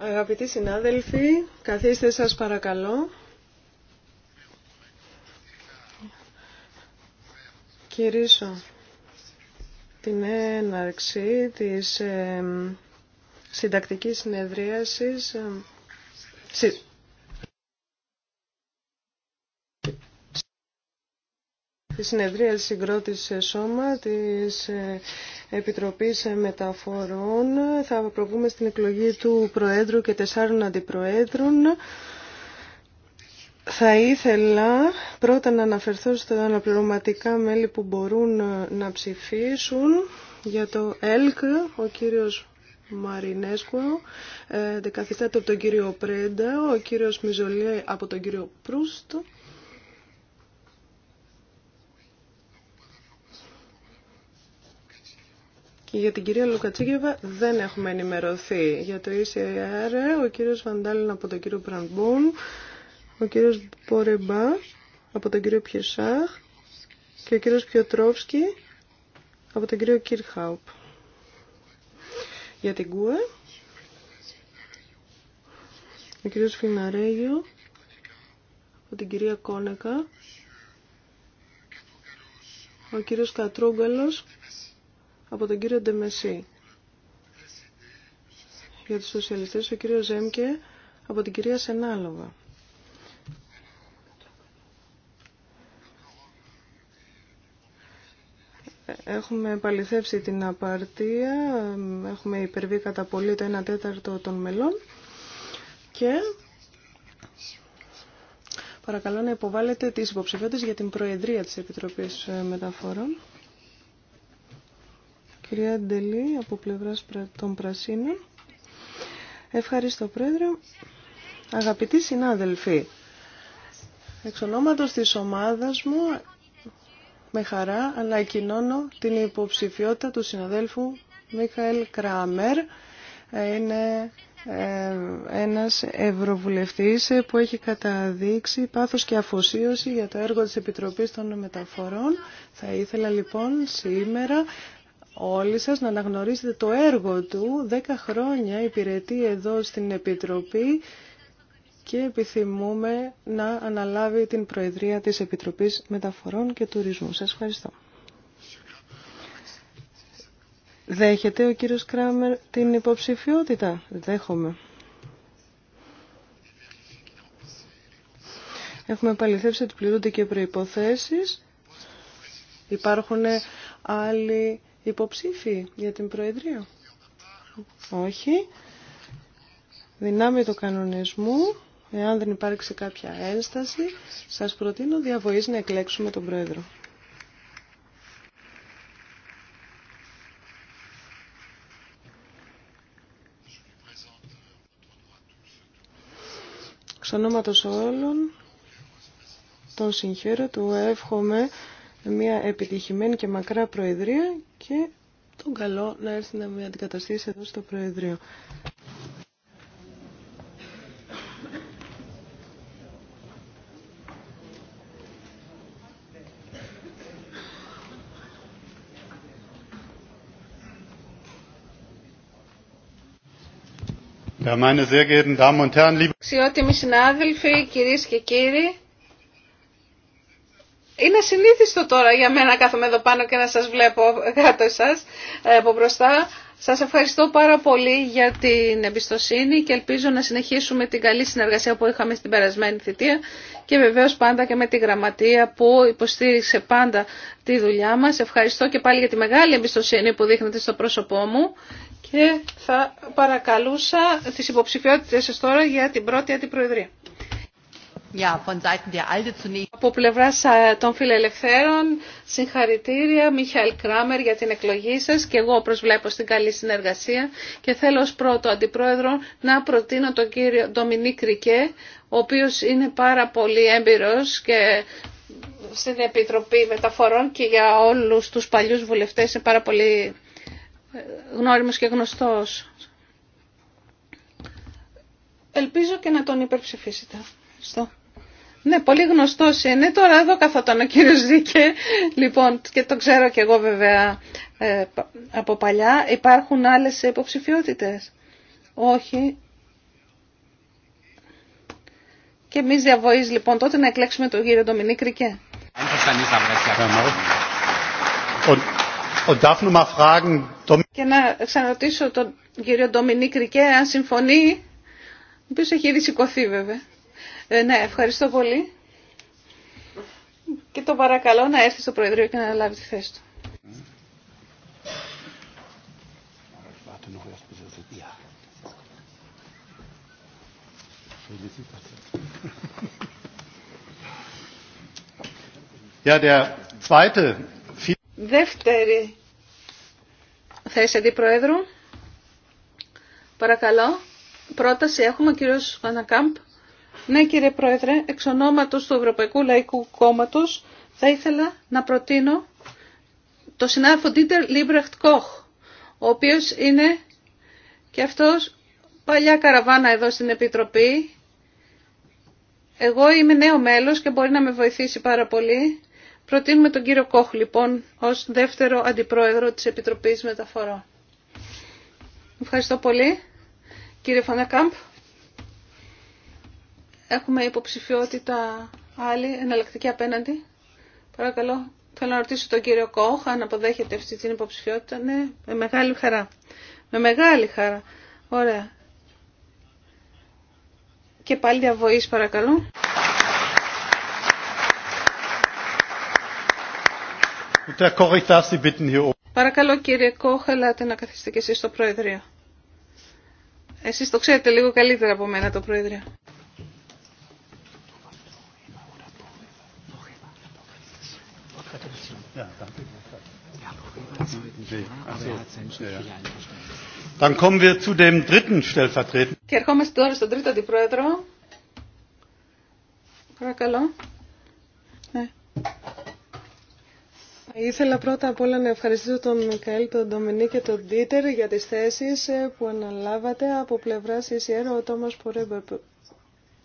Αγαπητοί συνάδελφοι, καθίστε σας παρακαλώ. Κυρίσω την έναρξη της ε, συντακτικής συνεδρίασης, ε, τη συνεδρία συγκρότησης ΣΟΜΑ, της ε, Επιτροπής Μεταφορών. Θα προβούμε στην εκλογή του Προέδρου και τεσσάρων αντιπροέδρων. Θα ήθελα πρώτα να αναφερθώ στα αναπληρωματικά μέλη που μπορούν ε, να ψηφίσουν για το ΕΛΚ, ο κύριος Μαρινέσκου, ε, από τον κύριο Πρέντα, ο κύριος Μιζολέ από τον κύριο Προύστο, για την κυρία Λουκατσίγεβα δεν έχουμε ενημερωθεί. Για το ECR ο κύριος Βαντάλιν από τον κύριο Πραμπούν, ο κύριος Πορεμπά από τον κύριο Πιεσάχ και ο κύριος Πιοτρόφσκι από τον κύριο Κίρχαουπ. Για την ΚΟΕ, ο κύριος Φιναρέγιο από την κυρία Κόνεκα, ο κύριος Κατρούγκαλος από τον κύριο Ντεμεσί. Για τους σοσιαλιστές ο κύριος Ζέμκε από την κυρία Σενάλογα Έχουμε παληθεύσει την απαρτία, έχουμε υπερβεί κατά πολύ το 1 τέταρτο των μελών και παρακαλώ να υποβάλλετε τις υποψηφιότητες για την Προεδρία της Επιτροπής Μεταφορών. Κυρία Ντελή από πλευράς των Πρασίνων. Ευχαριστώ Πρόεδρε. Αγαπητοί συνάδελφοι, εξ ονόματος της ομάδας μου με χαρά ανακοινώνω την υποψηφιότητα του συναδέλφου Μίχαελ Κράμερ. Είναι ε, ένας ευρωβουλευτής που έχει καταδείξει πάθος και αφοσίωση για το έργο της Επιτροπής των Μεταφορών. Θα ήθελα λοιπόν σήμερα όλοι σας να αναγνωρίσετε το έργο του. Δέκα χρόνια υπηρετεί εδώ στην Επιτροπή και επιθυμούμε να αναλάβει την Προεδρία της Επιτροπής Μεταφορών και Τουρισμού. Σας ευχαριστώ. Δέχεται ο κύριος Κράμερ την υποψηφιότητα. Δέχομαι. Έχουμε επαληθεύσει ότι πληρούνται και προϋποθέσεις. Υπάρχουν άλλοι Υποψήφιοι για την Προεδρία. Όχι. Δυνάμει το κανονισμού, εάν δεν υπάρξει κάποια ένσταση, σας προτείνω διαβοής να εκλέξουμε τον Πρόεδρο. Σ' όλων, τον συγχαίρω, του εύχομαι μια επιτυχημένη και μακρά Προεδρία και τον καλό να έρθει να με αντικαταστήσει εδώ στο Προεδρείο. Αξιότιμοι συνάδελφοι, κυρίες και κύριοι, ασυνήθιστο τώρα για μένα να κάθομαι εδώ πάνω και να σας βλέπω κάτω εσάς από μπροστά. Σας ευχαριστώ πάρα πολύ για την εμπιστοσύνη και ελπίζω να συνεχίσουμε την καλή συνεργασία που είχαμε στην περασμένη θητεία και βεβαίως πάντα και με τη γραμματεία που υποστήριξε πάντα τη δουλειά μας. Ευχαριστώ και πάλι για τη μεγάλη εμπιστοσύνη που δείχνετε στο πρόσωπό μου και θα παρακαλούσα τις υποψηφιότητες σας τώρα για την πρώτη αντιπροεδρία. Από πλευρά των φιλελευθέρων, συγχαρητήρια Μιχαήλ Κράμερ για την εκλογή σα και εγώ προσβλέπω στην καλή συνεργασία και θέλω ω πρώτο αντιπρόεδρο να προτείνω τον κύριο Ντομινίκ Κρικέ ο οποίο είναι πάρα πολύ έμπειρο και στην Επιτροπή Μεταφορών και για όλου του παλιού βουλευτέ είναι πάρα πολύ ε, γνώριμο και γνωστό. Ελπίζω και να τον υπερψηφίσετε. Ναι, πολύ γνωστό είναι. Τώρα εδώ καθόταν ο κύριο Ζήκε. Λοιπόν, και το ξέρω και εγώ βέβαια ε, από παλιά. Υπάρχουν άλλε υποψηφιότητε. Όχι. Και εμεί διαβοή λοιπόν τότε να εκλέξουμε τον κύριο Ντομινίκ Ρικέ. Και να ξαναρωτήσω τον κύριο Ντομινίκ Ρικέ αν συμφωνεί. Ο οποίο έχει ήδη σηκωθεί βέβαια. Ε, ναι, ευχαριστώ πολύ. Και τον παρακαλώ να έρθει στο Προεδρείο και να λάβει τη θέση του. Ja, Δεύτερη θέση αντιπροέδρου. Παρακαλώ. Πρόταση έχουμε ο κύριος Βανακάμπ. Ναι κύριε Πρόεδρε, εξ ονόματος του Ευρωπαϊκού Λαϊκού Κόμματος θα ήθελα να προτείνω το συνάδελφο Ντίτερ Λίμπρεχτ Κόχ, ο οποίος είναι και αυτός παλιά καραβάνα εδώ στην Επιτροπή. Εγώ είμαι νέο μέλος και μπορεί να με βοηθήσει πάρα πολύ. Προτείνουμε τον κύριο Κόχ λοιπόν ως δεύτερο αντιπρόεδρο της Επιτροπής Μεταφορών. Ευχαριστώ πολύ κύριε Φανακάμπ. Έχουμε υποψηφιότητα άλλη, εναλλακτική απέναντι. Παρακαλώ, θέλω να ρωτήσω τον κύριο Κόχ αν αποδέχεται αυτή την υποψηφιότητα. Ναι, με μεγάλη χαρά. Με μεγάλη χαρά. Ωραία. Και πάλι διαβοής παρακαλώ. Παρακαλώ κύριε Κόχ, ελάτε να καθίσετε και εσείς στο Προεδρείο. Εσείς το ξέρετε λίγο καλύτερα από μένα το Προεδρείο. Και ερχόμαστε τώρα στον τρίτο αντιπρόεδρο. Παρακαλώ. Ναι. Ήθελα πρώτα απ' όλα να ευχαριστήσω τον Μικαέλ, τον Ντομινί και τον Ντίτερ για τις θέσεις ε, που αναλάβατε από πλευρά CCR. Ο Τόμας Πορέμπερ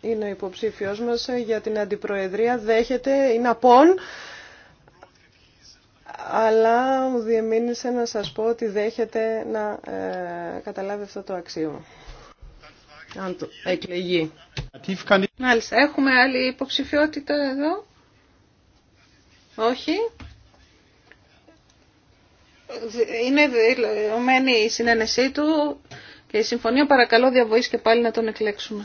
είναι ο υποψήφιος μας ε, για την Αντιπροεδρία. Δέχεται, είναι απόν αλλά μου διεμήνυσε να σας πω ότι δέχεται να ε, καταλάβει αυτό το αξίωμα. Αν το εκλεγεί. Μάλιστα. Έχουμε άλλη υποψηφιότητα εδώ. Όχι. Είναι δηλωμένη η συνένεσή του και η συμφωνία. Παρακαλώ διαβοής και πάλι να τον εκλέξουμε.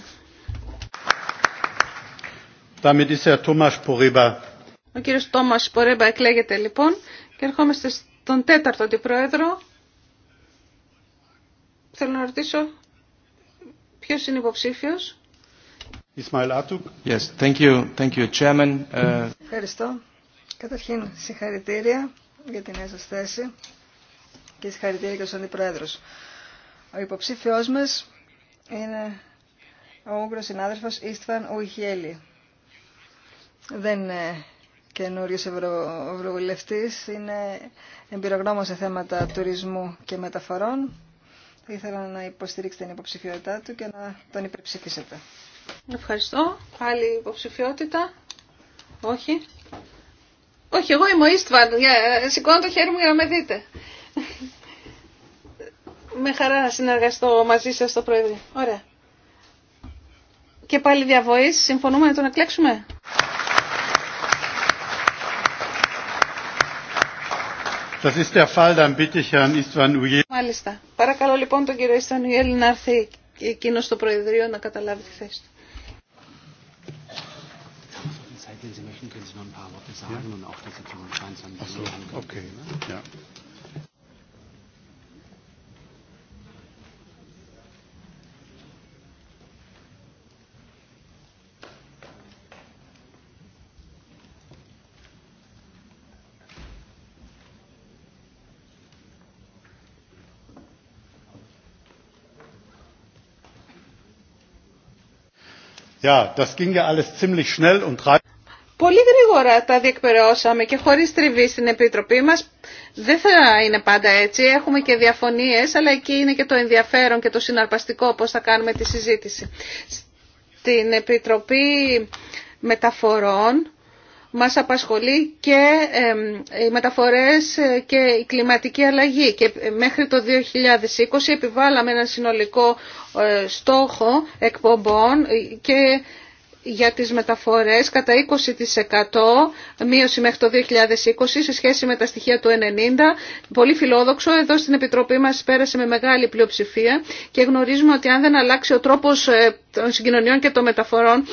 Ο κύριος Τόμας Πορέμπα εκλέγεται λοιπόν και ερχόμαστε στον τέταρτο αντιπρόεδρο. Θέλω να ρωτήσω ποιος είναι υποψήφιος. Yes, thank you. Thank you, chairman. Uh, Ευχαριστώ. Καταρχήν, συγχαρητήρια για την νέα σα θέση και συγχαρητήρια και στον αντιπρόεδρος. Ο υποψήφιο μας είναι ο Ούγγρος συνάδελφος Ιστβαν Ουιχιέλη. Δεν ε, καινούριος ευρωβουλευτής. Είναι εμπειρογνώμων σε θέματα τουρισμού και μεταφορών. Ήθελα να υποστηρίξετε την υποψηφιότητά του και να τον υπερψηφίσετε. Ευχαριστώ. Άλλη υποψηφιότητα. Όχι. Όχι, εγώ είμαι ο Ιστβαν. Σηκώνω το χέρι μου για να με δείτε. με χαρά να συνεργαστώ μαζί σας στο Προεδρείο. Ωραία. Και πάλι διαβοής. Συμφωνούμε να τον εκλέξουμε. Das ist der Fall, dann bitte Μάλιστα. Παρακαλώ λοιπόν τον κύριο Ιστβαν να έρθει εκείνο στο Προεδρείο να καταλάβει τη θέση του. Okay, ja. Πολύ γρήγορα τα διεκπαιρεώσαμε και χωρί τριβή στην Επιτροπή μα Δεν θα είναι πάντα έτσι, έχουμε και διαφωνίε, αλλά εκεί είναι και το ενδιαφέρον και το συναρπαστικό πώς θα κάνουμε τη συζήτηση. Στην Επιτροπή Μεταφορών μας απασχολεί και οι μεταφορές και η κλιματική αλλαγή. Και μέχρι το 2020 επιβάλαμε ένα συνολικό ε, στόχο εκπομπών και για τις μεταφορές κατά 20% μείωση μέχρι το 2020 σε σχέση με τα στοιχεία του 90. Πολύ φιλόδοξο. Εδώ στην Επιτροπή μας πέρασε με μεγάλη πλειοψηφία και γνωρίζουμε ότι αν δεν αλλάξει ο τρόπος ε, των συγκοινωνιών και των μεταφορών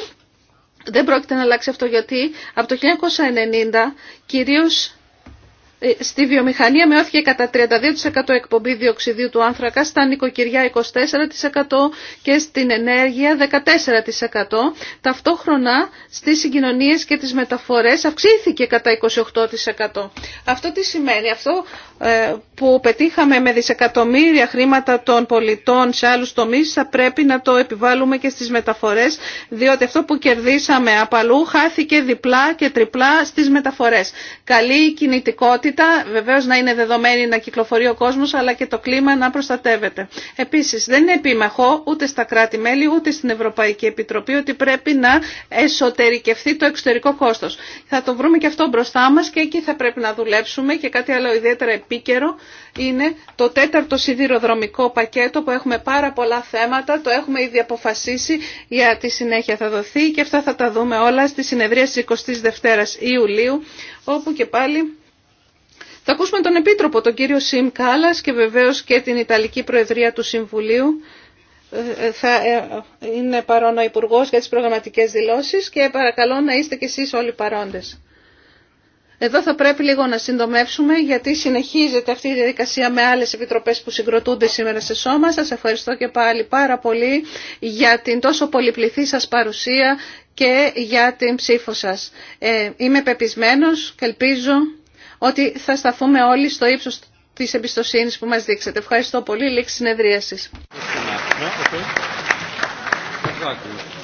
δεν πρόκειται να αλλάξει αυτό γιατί από το 1990 κυρίως ε, στη βιομηχανία μειώθηκε κατά 32% εκπομπή διοξιδίου του άνθρακα, στα νοικοκυριά 24% και στην ενέργεια 14%. Ταυτόχρονα στις συγκοινωνίες και τις μεταφορές αυξήθηκε κατά 28%. Αυτό τι σημαίνει, αυτό ε, που πετύχαμε με δισεκατομμύρια χρήματα των πολιτών σε άλλους τομείς θα πρέπει να το επιβάλλουμε και στις μεταφορές διότι αυτό που κερδίσαμε απαλού χάθηκε διπλά και τριπλά στις μεταφορές. Καλή κινητικότητα ποιότητα βεβαίως να είναι δεδομένη να κυκλοφορεί ο κόσμος αλλά και το κλίμα να προστατεύεται. Επίσης δεν είναι επίμαχο ούτε στα κράτη-μέλη ούτε στην Ευρωπαϊκή Επιτροπή ότι πρέπει να εσωτερικευθεί το εξωτερικό κόστος. Θα το βρούμε και αυτό μπροστά μας και εκεί θα πρέπει να δουλέψουμε και κάτι άλλο ιδιαίτερα επίκαιρο είναι το τέταρτο σιδηροδρομικό πακέτο που έχουμε πάρα πολλά θέματα, το έχουμε ήδη αποφασίσει για τη συνέχεια θα δοθεί και αυτά θα τα δούμε όλα στη συνεδρία της 22 Ιουλίου όπου και πάλι θα ακούσουμε τον Επίτροπο, τον κύριο Σιμ Κάλλας και βεβαίως και την Ιταλική Προεδρία του Συμβουλίου. Ε, ε, θα ε, είναι παρόν ο υπουργό για τις προγραμματικές δηλώσεις και παρακαλώ να είστε κι εσείς όλοι παρόντες. Εδώ θα πρέπει λίγο να συντομεύσουμε γιατί συνεχίζεται αυτή η διαδικασία με άλλες επιτροπές που συγκροτούνται σήμερα σε σώμα. Σας ευχαριστώ και πάλι πάρα πολύ για την τόσο πολυπληθή σας παρουσία και για την ψήφο σας. είμαι πεπισμένος και ελπίζω ότι θα σταθούμε όλοι στο ύψος της εμπιστοσύνης που μας δείξετε. Ευχαριστώ πολύ. Λήξη συνεδρίασης. Ναι,